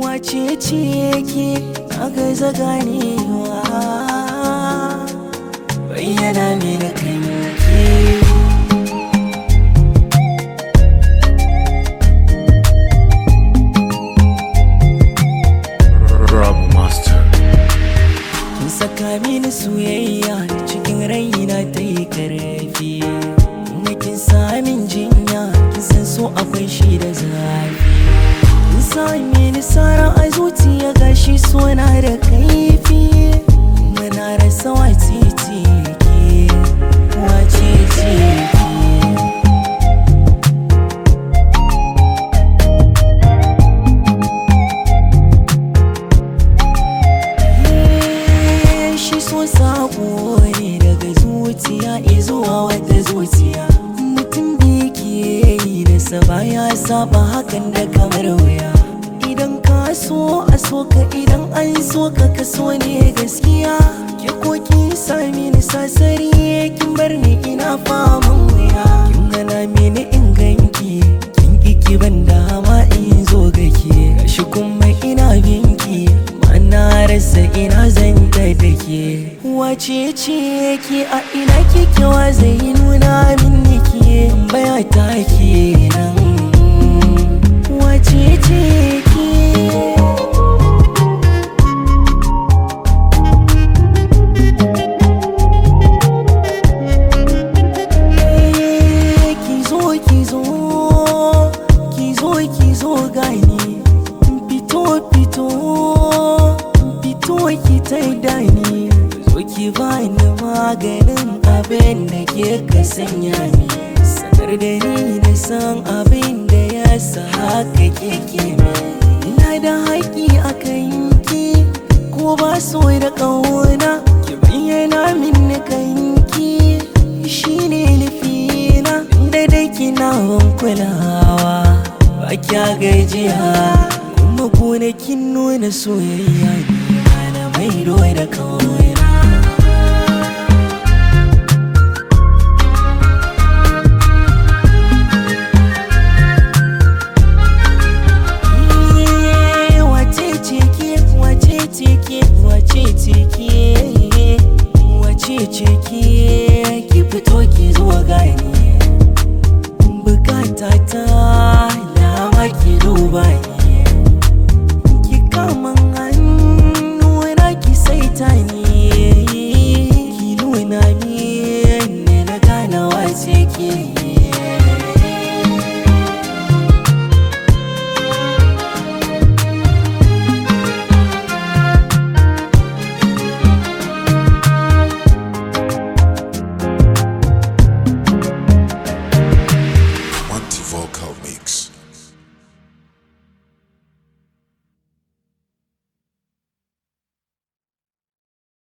wace ce yake na gaza ganewa bayyana mini kanki saka mini soyayya cikin raina ta yi karfi kuma kin samin jinya kin san so akwai shi da zafi same ni sara a zuciya gashi suna da kaifi muna rasa wacece ke wacece ke eh, sako ne daga zuciya izuwa wata zuciya mutum da yake yi da sa saba hakan da kamar wuya so a so ka idan an so ka kaso ne gaskiya ke koki sami mini sasari kin bar ni ina faman wuya kin gana mini in ganki kin ki ban dama in zo gake gashi kuma ina binki mana rasa ina zanta da ke wace ce ki a ina kike wa zai nuna min nike baya take nan wace fito fito ki dani zo ki bani maganin abin da ke ka sanya ni sanar da ni na san abin da ya sa haka ke mi ina da haƙi a kan ki ko ba so da ƙauna ki bayyana min na kan ki shine nufina da dai kina kulawa ba kya gajiya gonakin nuna soyayya ne mai O da kawai Wace ce ke, o ce ke, wace ce ke you. Yeah.